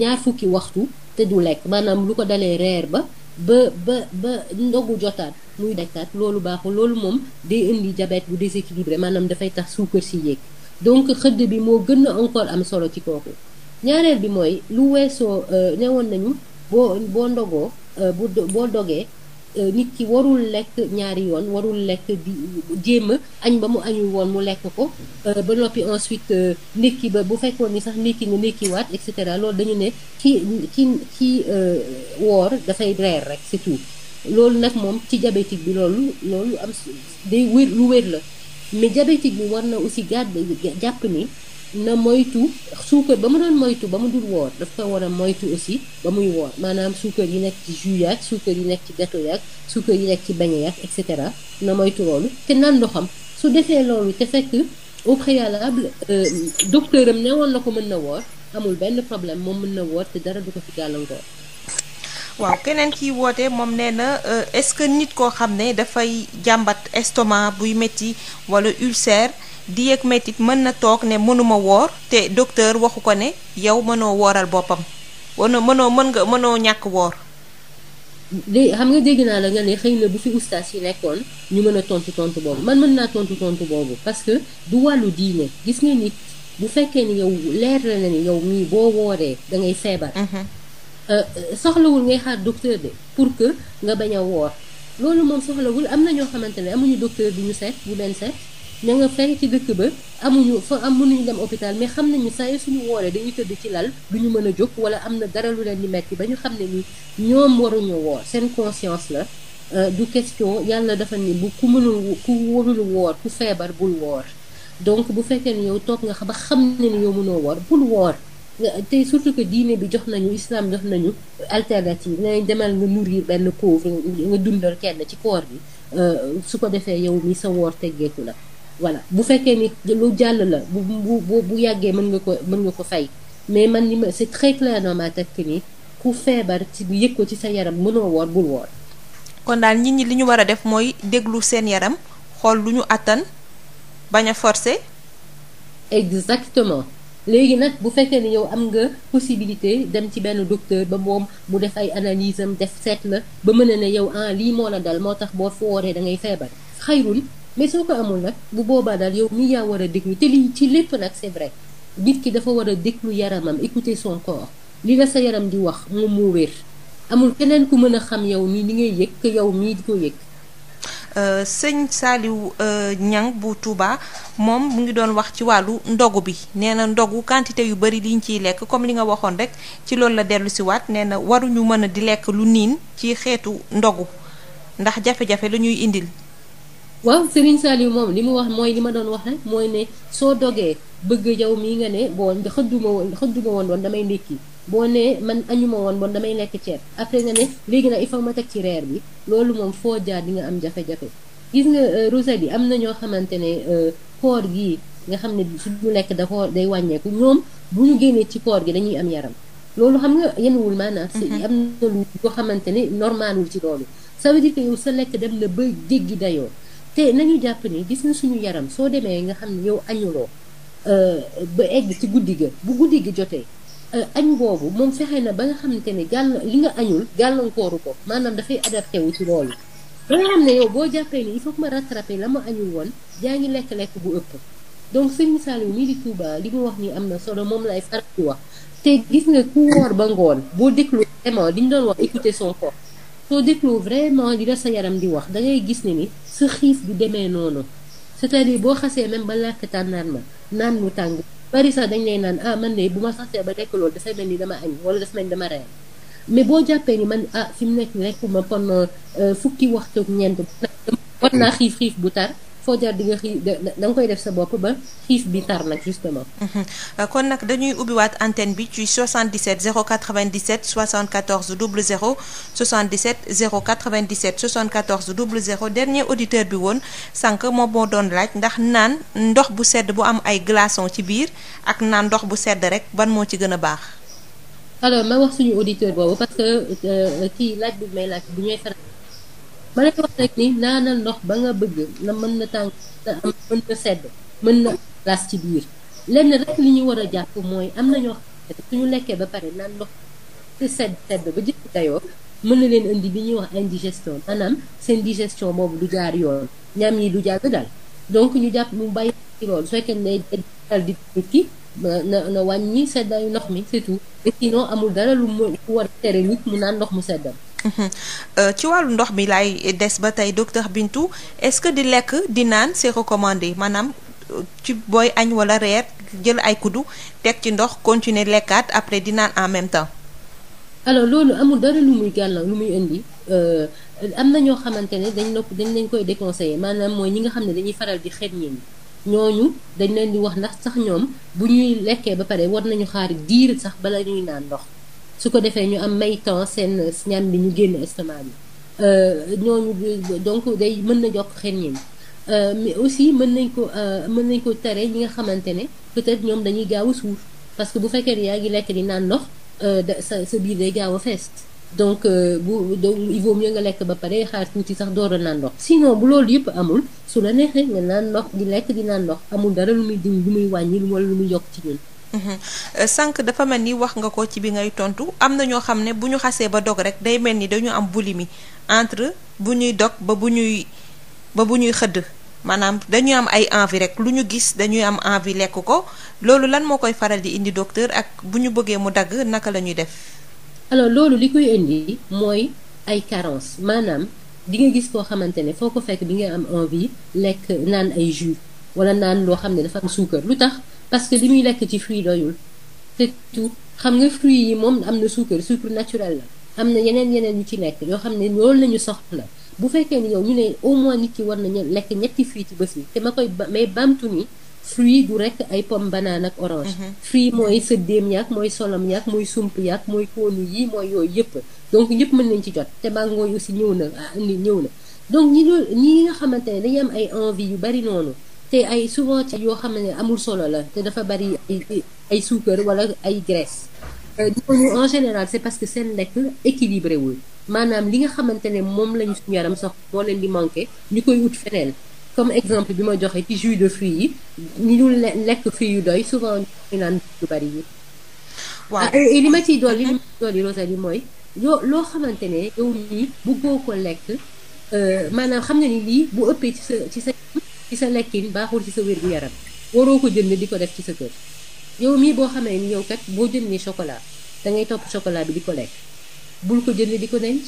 ñaar fukki waxtu te du lekk maanaam lu ko dalee reer ba ba ba ba ndogu jotaat muy dekkaat loolu baaxul loolu moom day indi diabète bu déséquilibré maanaam dafay tax suukar si yéeg donc xëdd bi moo gën a encore am solo ci kooku ñaareel bi mooy lu weesoo ñëwoon euh, nañu boo boo ndogoo euh, bu boo dogee Euh, nit ki warul lekk ñaari yoon warul lekk di jéem añ ba mu añul woon mu lekk ko euh, ba noppi ensuite euh, ndékki ba bu fekkoon ni sax ndékki nga ndékkiwaat et cetera loolu dañu ne ki ki ki woor dafay reer rek surtout loolu nag moom ci diabétique bi loolu loolu am day wér lu wér la mais diabétique bi war na aussi gàdd jàpp ni na moytu suukar ba mu doon moytu ba mu dul woor daf ko war a moytu aussi ba muy woor maanaam suukar yi nekk ci jus yaak suukar yi nekk ci gâteau yaak suukar yi ci beignet yaak et cetera na moytu loolu te naan ndoxam su defee loolu te fekk au préalable euh, docteur am ne woon na ko mën na woor amul benn problème moom mën na woor te dara du ko fi gàllankoor. waaw keneen kiy woote moom nee na euh, est-ce que nit koo xam ne dafay jàmbat estomac buy métti wala ulcère. di yëg mën na toog ne mënuma woor te docteur waxu ko ne yow mënoo wooral boppam wana mënoo mën nga mënoo ñàkk woor de xam nga dégg naa la nga ne xëy na bu fi ustaas yi nekkoon ñu mën a tontu tontu boobu man mën naa tontu tontu boobu parce que du wàllu diine gis nga nit bu fekkee ni yow leer la na ni yow mii boo wooree da ngay feebar. Mhm. Euh, euh, soxlawul ngay xaar docteur de pour que nga bañ a woor loolu moom soxlawul am na ñoo xamante ne amuñu docteur bu ñu seet bu leen seet. ña nga fenn ci dëkk ba amuñu fa am mënuñu dem hôpital mais xam nañu saa yi suñu wooree dañuy tëdd ci lal du ñu mën a jóg wala am na dara lu leen di metti ba ñu xam ne nii ñoom waruñu woor seen conscience la euh, du question yàlla dafa ni ku mënul ku warul woor ku feebar bul woor donc bu fekkee ni yow toog nga ba xam ne ni yow mënoo woor bul woor te surtout que diine bi jox nañu islam jox nañu alternative nañ demal nga nourrir benn pauvre nga dundal kenn ci koor bi euh, su ko defee yow mi sa woor teggeeku la voilà bu fekkee ni lu jàll la bu bu bu yàggee mën nga ko mën nga ko fay mais man li ma c'est très clair dans ma tête ni ku feebar ci bu yëg ko ci sa yaram mënoo woor bul woor. kon daal nit ñi li ñu war a def mooy déglu seen yaram xool lu ñu àttan bañ a forcer. exactement léegi nag bu fekkee ni yow am nga possibilité dem ci benn docteur ba moom mu def ay analyse am def seet la ba mën a ne yow ah lii moo la dal moo tax boo fooree da ngay feebar xayrul mais soo ko amul nag bu boobaa daal yow mii yaa war a déglu te li ci lépp nag c'est vrai nit ki dafa war a déglu yaramam écouter son corps li sa yaram di wax moom moo amul keneen ku mën a xam yow nii li ngay yëg que yow mii di ko yëg. Euh, sëñ Saliou euh, Niang bu tuuba moom mu ngi doon wax ci wàllu ndogu bi nee na ndogu quantité yu bari liñ ciy lekk comme li nga waxoon rek ci loolu la dellu si waat nee na waruñu mën a di lekk lu niin ci xeetu ndogu ndax jafe-jafe la ñuy indil. waaw Serigne Saliou moom li mu wax mooy li ma doon wax rek mooy ne soo dogee bëgg yow mii nga ne boo xëdduma woon xëdduma woon woon damay ndékki boo nee man añuma woon bon damay lekk ceeb après ne léegi nag il faut ma teg ci reer bi loolu moom foo jaar di nga am jafe gis nga euh, Rosalie am na ñoo xamante ne euh, koor gii nga xam ne suñu lekk dafa day wàññeeku ñoom bu ñu génnee ci koor gi dañuy am yaram loolu xam nga yenuwul maanaam mm-hmm. si am na lu ko xamante ne normalul ci loolu ça veut dire yow sa lekk dem na ba jéggi dayoo te nañu jàpp ni gis na suñu yaram soo demee nga xam ne yow añuloo euh, ba egg ci guddi ga bu guddi gi jotee euh, añ boobu moom fexe na ba nga xamante ne gàll li nga añul gàllankooru ko maanaam dafay adapté wu ci loolu ba nga xam ne yow boo jàppee ni il faut que ma rattrapé la ma añul woon jaa ngi lekk-lekk bu ëpp donc sëñ Saliou nii di Touba li mu wax ni am na solo moom lay faral di wax te gis nga ku woor ba ngoon boo déglu vraiment li ñu doon wax écouter son corps soo dégloo vraiment li la sa yaram di wax dangay gis ne ni sa xiif du demee noonu cest à boo xasee même ba làkk tànnaar ma naan lu tàng bari sax dañ lay naan ah man ne bu ma xasee ba lekk loolu dafay mel ni dama añ wala daf mel ni dama reer mais boo jàppee ni man ah fi mu nekk rek ma pon fukki waxtu ak ñeent war naa xiif xiif bu tar foo jaar di nga xii da nga koy def sa bopp ba xiif bi tar nag justement. Mhm. Euh, kon nag dañuy ubbiwaat antenne bi ci 77 097 74 00 77 097 74 00 dernier auditeur bi woon sànq moom moo doon laaj ndax naan ndox bu sedd bu am ay glaçons ci biir ak naan ndox bu sedd rek ban moo ci gën a baax. alors ma wax boobu parce que euh, euh, kii laaj bu ñooy faral. ma lay wax rek ni naanal ndox ba nga bëgg na mën na tàng na am mën na sedd mën na glace ci biir lenn li ñu war a jàpp mooy am na ñoo xam ne suñu ba pare naan ndox sedd sedd ba jëkk dayoo mën na leen indi bi ñuy wax indigestion maanaam seen digestion boobu du jaar yoon ñam yi du jàgg daal donc ñu jàpp mu bàyyi ci loolu su fekkee ne dal di nit na na wàññi seddayu ndox mi c'est tout amul dara lu mu war a tere nit mu naan ndox mu seddal Euh, ci wàllu ndox mi laay des ba tey docteur Bintou est-ce que di lekk di naan c'est recommandé maanaam euh, ci booy añ wala reer jël ay kuddu teg ci ndox continuer lekkaat après di naan en même temps. alors loolu amul dara lu muy gàllan lu muy indi euh, am na ñoo xamante ne dañ la dañ leen koy déconseiller maanaam mooy ñi nga xam ne dañuy faral di xet ñi ñooñu dañ leen di wax ndax sax ñoom bu ñuy lekkee ba pare war nañu xaar diir sax bala ñuy naan ndox. su ko defee ñu am may temps seen ñam bi ñu génn estomac bi euh, ñooñu donc day mën na jokk xel ñi euh, mais aussi mën nañ ko euh, mën nañ ko tere ñi nga xamante ne peut-être ñoom dañuy gaaw a suuf parce que bu fekkee yaa ngi lekk di naan ndox sa sa biir day gaaw a fees donc bu donc il vaut mieux nga lekk ba pare xaar tuuti sax door a naan ndox ñoo bu loolu yëpp amul su la neexee nga naan ndox di lekk di naan ndox amul dara lu muy diw lu muy wàññi wala lu muy yokk ci ñun Mhm. Euh, sànq dafa mel ni wax nga ko ci bi ngay tontu am na ñoo xam ne bu ñu xasee ba dog rek day mel ni dañu am boulimie entre bu ñuy dog ba bu ñuy ba bu ñuy xëdd maanaam dañuy am ay envie lu ñu gis dañuy am envie lekk ko loolu lan moo koy faral di indi docteur ak bu ñu bëggee mu dagg naka la ñuy def. alors loolu li koy indi mooy ay carence maanaam di nga gis koo xamante ne foo ko fekk bi nga am envie lekk naan ay jus wala naan loo xam ne dafa suukar lu tax. parce que li muy lekk ci fruit doyul te tout xam nga fruit yi moom am na suukar sucre naturel la am na yeneen yeneen yu ci nekk yoo xam ne loolu la ñu soxla bu fekkee ni yow ñu ne au moins nit ki war na lekk ñetti fruit ci bés bi te ma koy may bamtu ni fruit du rekk ay pomme banane ak orange mhm. fruit mooy sëddeem yaak mooy solom yaak mooy sump yaak mooy kóonu yi mooy yooyu yëpp donc yëpp mën nañ ci jot te yu si ñëw na ah, ñëw na donc ñi ñi nga xamante ne dañuy am ay envie yu bari noonu te ay souvent yoo xam ne amul solo la te dafa bari ay suukar wala ay graisse euh, en général c'est parce que seen lekk équilibré wul maanaam li nga xamante ne moom lañu suñu yaram sax moo leen di manqué ñu koy wut feneen comme exemple bi ma joxee ci jus de fruits yi ñu ñu lekk fruits yu doy souvent ñu naan bari yi waaw ah, et li ma ciy dolli li Rosalie mooy yoo loo xamante ne yow nii bëggoo ko lekk euh, maanaam xam nga ni lii bu ëppee ci sa ci sa ci sa lekkin baaxul ci sa wér-gu-yaram waroo ko jënd di ko def ci sa kër yow mii boo xamee ni yow kat boo jëndee chocolat da ngay topp chocolat bi di ko lekk bul ko jënd di ko denc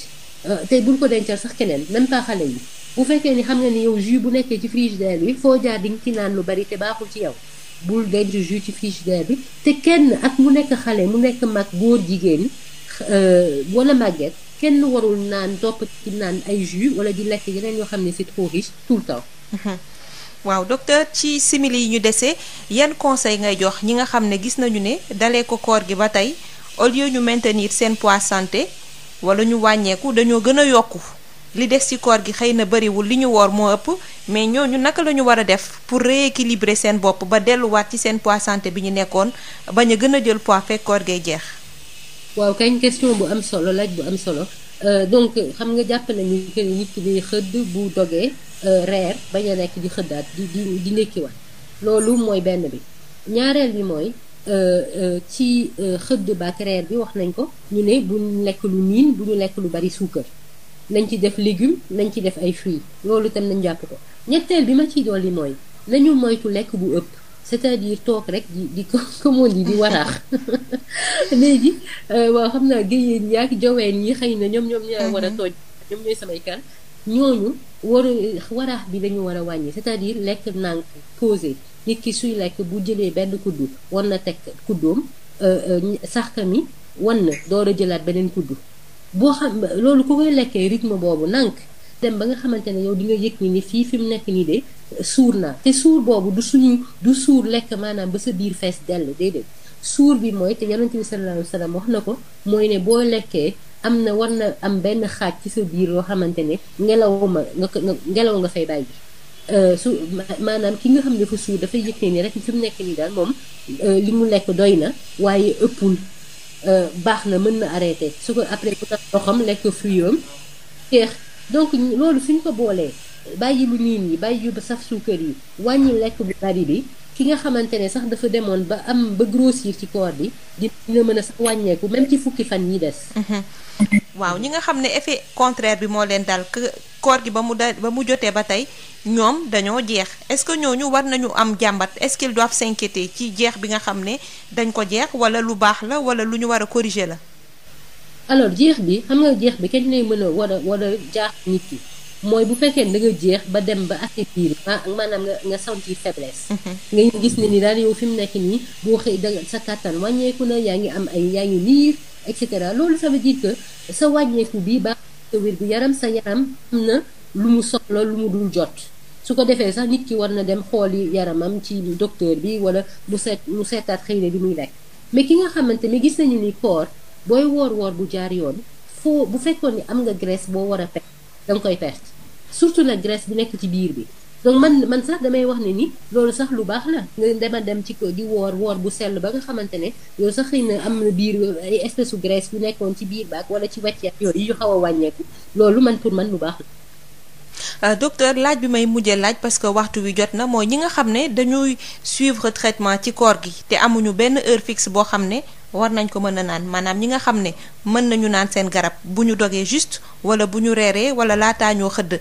euh, te bul ko dencal sax keneen même pas xale yi bu fekkee ni xam nga ni yow jus bu nekkee ci frigidaire bi foo jaar di nga ci naan lu bari te baaxul ci yow bul denc ju ci frigidaire bi te kenn ak mu nekk xale mu nekk mag góor jigéen euh, wala màgget kenn warul naan topp ci naan ay jus wala di lekk yeneen yoo xam ne c'est trop riche tout le temps mhm. waaw docteur ci simili yi ñu desee yan conseil ngay jox ñi nga xam ne gis nañu ne dalee ko koor gi ba tey au lieu ñu maintenir seen poids santé wala ñu wàññeeku dañoo gën a yokku li des ci koor gi xëy na bëriwul li ñu woor moo ëpp mais ñooñu naka la ñu war a def pour rééquilibrer seen bopp ba delluwaat ci seen poids santé bi ñu nekkoon bañ a gën a jël poids fekk koor gay jeex. waaw kañ question bu am solo laaj bu am solo euh, donc xam nga jàpp nañu que nit Euh, reer bañ a nekk di xëddaat di di di ndékkiwaat loolu mooy benn bi ñaareel bi mooy euh, euh, ci xëdd baak reer bi wax nañ ko ñu ne bu ñu lekk lu niin bu ñu lekk lu bari suukar nañ ci def légume nañ ci def ay fruits loolu tam nañ jàpp ko ñetteel bi ma ciy dolli mooy nañu moytu lekk bu ëpp c'est-à-dire toog rek di di ko [laughs] comme di waraax [laughs] léegi waaw xam naa géyeen yaag joween yi xëy na ñoom ñoom ñaa war a mm-hmm. tooj ñoom ñooy samay kan ñooñu war a waraax bi dañu war a wàññi cest a diir lekk nànk posé nit ki suy lekk bu jëlee benn kuddu wan na teg kuddoom euh, euh, saxka mi wan na door a jëlaat beneen kuddu boo xam loolu ko koy lekkee rythme boobu nank dem ba nga xamante ne yow di nga yëg ni fii fi mu nekk nii de euh, suur naa te suur boobu du suñu du suur lekk maanaam ba sa biir fees dell déedéet suur bi mooy te yonent bi sallallahu salaam wax na ko mooy ne boo lekkee am na war na am benn xaaj ci sa biir yoo xamante ne ngelaw nga ko ngelaw nga fay bàyyi euh, su maanaam ki nga xam ne dafa suur dafay yëg nii ni rek fi mu nekk nii daal moom euh, li mu lekk doy na waaye ëppul euh, baax na mën na arrêté su ko après bu tax xam lekk fruit am xeex donc loolu suñ ko boolee bàyyi lu niin yi bàyyi yu saf suukar yi wàññi lekk bu bari bi ki nga xamante ne sax dafa demoon ba am ba grossir ci corps bi dina mën a sax wàññeeku même ci fukki fan yi des mhm. waaw ñi nga xam ne effet contraire bi moo leen dal koor gi ba mu da ba mu jotee ba tey ñoom dañoo jeex est-ce que ñooñu war nañu am jàmbat est-ce qu'ils doivent ci jeex bi nga xam ne dañ ko jeex wala lu baax la wala lu ñu war a corriger la alors jeex bi xam nga jeex bi kañ lay mën a war a war jaax nit yi mooy bu fekkee ne da nga jeex ba dem ba affaiblir ma maanaam nga nga sentir faiblesse. Mhm. nga gis ne ni daal yow fi mu nekk nii boo xëy da sa kàttan wàññeeku na yaa ngi am ay yaa ngi niir et cetera loolu ça veut dire que sa wàññeeku bi baax sa wér gu yaram sa yaram am na lu mu soxla lu mu dul jot. su ko defee sax nit ki war na dem xooli yaramam ci docteur bi wala mu seet mu seetaat xëy na li muy lekk mais ki nga xamante ni gis nañu ni koor booy woor woor bu jaar yoon foo bu fekkoon ni am nga graisse boo war a perte da nga koy perte. surtout nag graisse bu nekk ci biir bi donc man man sax damay wax ne ni loolu sax lu baax la nga dema dem ci ko di woor woor bu sell ba nga xamante ne yow sax xëy na am na biir ay espèce su graisse yu nekkoon ci biir baak wala ci wàcc yooyu yu xaw a wàññeeku loolu man pour man lu baax la Euh, docteur laaj bi may mujjee laaj parce que waxtu wi jot na mooy ñi nga xam ne dañuy suivre traitement ci koor gi te amuñu benn heure fixe boo xam ne war nañ ko mën a naan maanaam ñi nga xam ne mën nañu naan seen garab bu ñu dogee juste wala bu ñu reeree wala laataa ñoo xëdd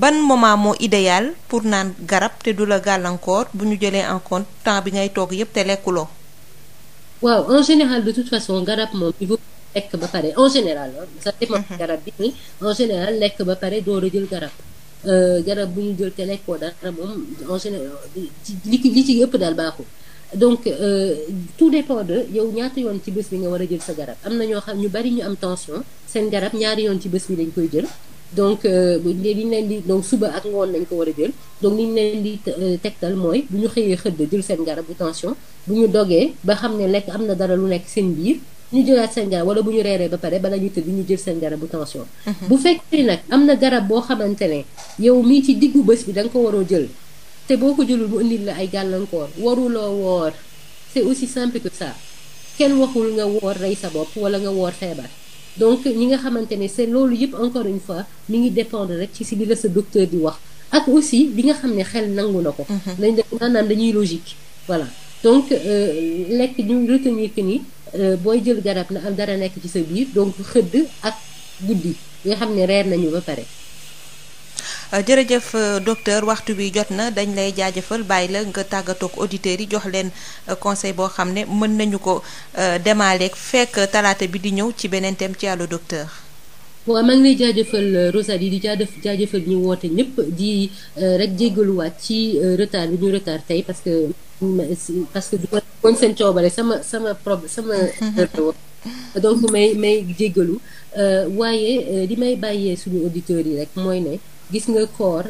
ban moment moo idéal pour naan garab te du la gàllankoor bu ñu jëlee en compte temps bi ngay toog yépp te lekkuloo. waaw en général de toute façon garab moom lekk ba pare en général ah ça mhm. garab bi ni général lekk ba pare door a jël garab euh, garab bu ñu jël te lekkoo dara moom en général li ci li ci daal baaxul donc euh, tout dépend de yow ñaata yoon ci bés bi nga war a jël sa garab am na ñoo xam ñu bari ñu am tension seen garab ñaari yoon ci bés bi dañ koy jël donc euh, li leen di donc suba ak ngoon lañ ko war a jël donc ni ñu leen di euh, tegtal mooy bu ñu xëyee xëdd jël seen garab bu tension bu ñu dogee ba xam ne lekk am na dara lu nekk seen biir ñu jëlaat seen garab wala bu ñu reeree ba pare bala ñu tëdd ñu jël seen garab bu tension mhm. bu fekkee nag am na garab boo xamante ne yow mii ci diggu bës bi da nga ko waroo jël te boo ko jëlul mu indi la ay gàllankoor waruloo woor c'est aussi simple que ça kenn waxul nga woor rey sa bopp wala nga woor feebar donc ñi nga xamante ne c'est loolu yëpp encore une fois mi ngi dépendre rek ci si li la sa docteur di wax ak aussi li nga xam ne xel nangu na ko dañ mhm. maanaam dañuy logique voilà donc euh, ni Euh, booy jël garab la am dara nekk ci sa biir donc xëdd ak guddi nga xam ne reer nañu ba pare. Euh, jërëjëf euh, docteur waxtu bi jot na dañ lay jaajëfal bàyyi la nga tàggatoog auditeurs yi jox leen conseil boo xam ne mën nañu ko demaaleeg fekk talaata bi di ñëw ci beneen thème ci Allo Docteur. waaw maa ngi lay jaajëfal euh, Rosalie di jaajëf jaajëfal ñu woote ñëpp di euh, rek jéggaluwaat ci euh, retard bi ñu retar tey parce que parce que du woon seen coobare sama sama problème sama [laughs] donc may may jéggalu waaye li may bàyyee suñu auditeurs yi rek mooy ne gis nga koor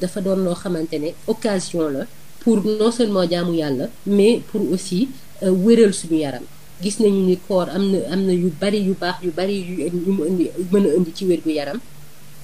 dafa doon loo xamante ne occasion la pour non seulement jaamu yàlla mais pour aussi wéral suñu yaram gis nañu ni koor am na am na yu bari yu baax yu bari yu yu mu indi mën a indi ci wér gu yaram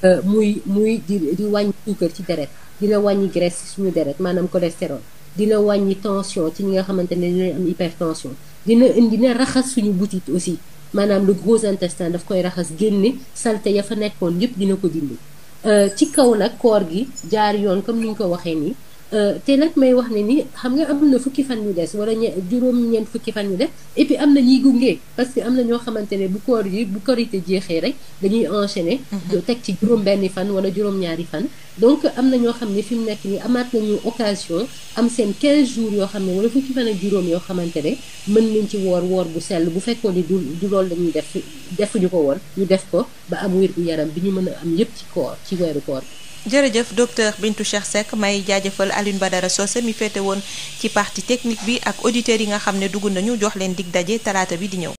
euh, muy muy di di wàññi suukar ci deret di la wàññi graisse suñu deret maanaam cholestérol di la wàññi tension ci ñi nga xamante ne dinañ am hypertension dina indi na raxas suñu butit aussi maanaam le gros intestin daf koy raxas génne salte ya fa nekkoon yépp dina ko dindi euh, ci kaw nag koor gi jaar yoon comme ni ñu ko waxee nii Euh, te nag may wax ne ni xam nga am na fukki fan yu des wala ñe juróom-ñeent fukki fan yu des et am na ñuy gunge parce que am na ñoo xamante ne bu koor yi bu korité jeexee rek dañuy enchaîner. Mhm. teg ci juróom-benni fan wala juróom-ñaari fan. donc am na ñoo xam ne fi mu nekk nii amaat nañu occasion am seen 15 jours yoo xam ne wala fukki fan ak juróom yoo xamante ne mën nañ ci woor woor bu sell bu fekkoon ni du du loolu lañuy def defuñu ko woon ñu def ko ba am wér gu yaram bi ñu mën a am yépp ci koor ci weeru koor bi. jërëjëf docteur Bintou Cheikh Seck may jaajëfal ba dara Socé mi féete woon ci partie technique bi ak auditeurs yi nga xam ne dugg nañu jox leen dig daje talaata bi di ñëw.